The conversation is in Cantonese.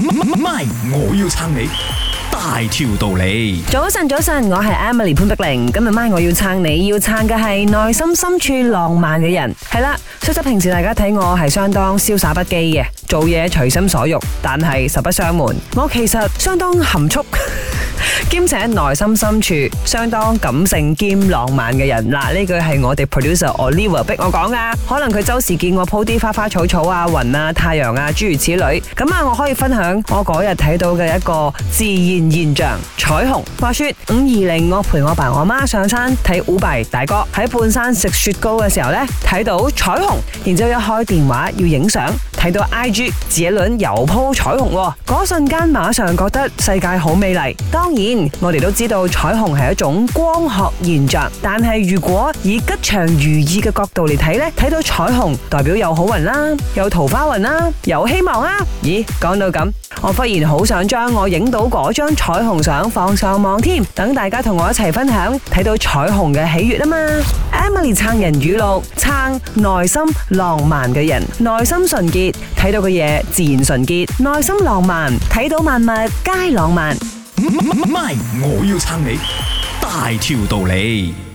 唔咪，我要撐你，大條道理。早晨，早晨，我係 Emily 潘碧玲。今日咪我要撐你，要撐嘅係內心深處浪漫嘅人。係啦，雖則平時大家睇我係相當瀟灑不羈嘅，做嘢隨心所欲，但係實不相瞞，我其實相當含蓄。兼且內心深處相當感性兼浪漫嘅人嗱，呢、啊、句係我哋 producer Oliver 逼我講㗎。可能佢周時見我鋪啲花花草草啊、雲啊、太陽啊諸如此類，咁啊，我可以分享我嗰日睇到嘅一個自然現象——彩虹。話說五二零，20，我陪我爸我媽上山睇五伯大哥喺半山食雪糕嘅時候呢，睇到彩虹，然之後一開電話要影相。睇到 I G 自一輪油鋪彩虹，哦，嗰瞬間馬上覺得世界好美麗。當然，我哋都知道彩虹係一種光學現象，但係如果以吉祥如意嘅角度嚟睇呢，睇到彩虹代表有好運啦，啊，有桃花運啦，啊，有希望啊！咦，講到咁，我忽然好想將我影到嗰張彩虹相放上網添，等大家同我一齊分享睇到彩虹嘅喜悅啦嘛！撐人語錄，撐內心浪漫嘅人，內心純潔，睇到嘅嘢自然純潔，內心浪漫，睇到萬物皆浪漫。唔係、嗯嗯嗯嗯，我要撐你，大條道理。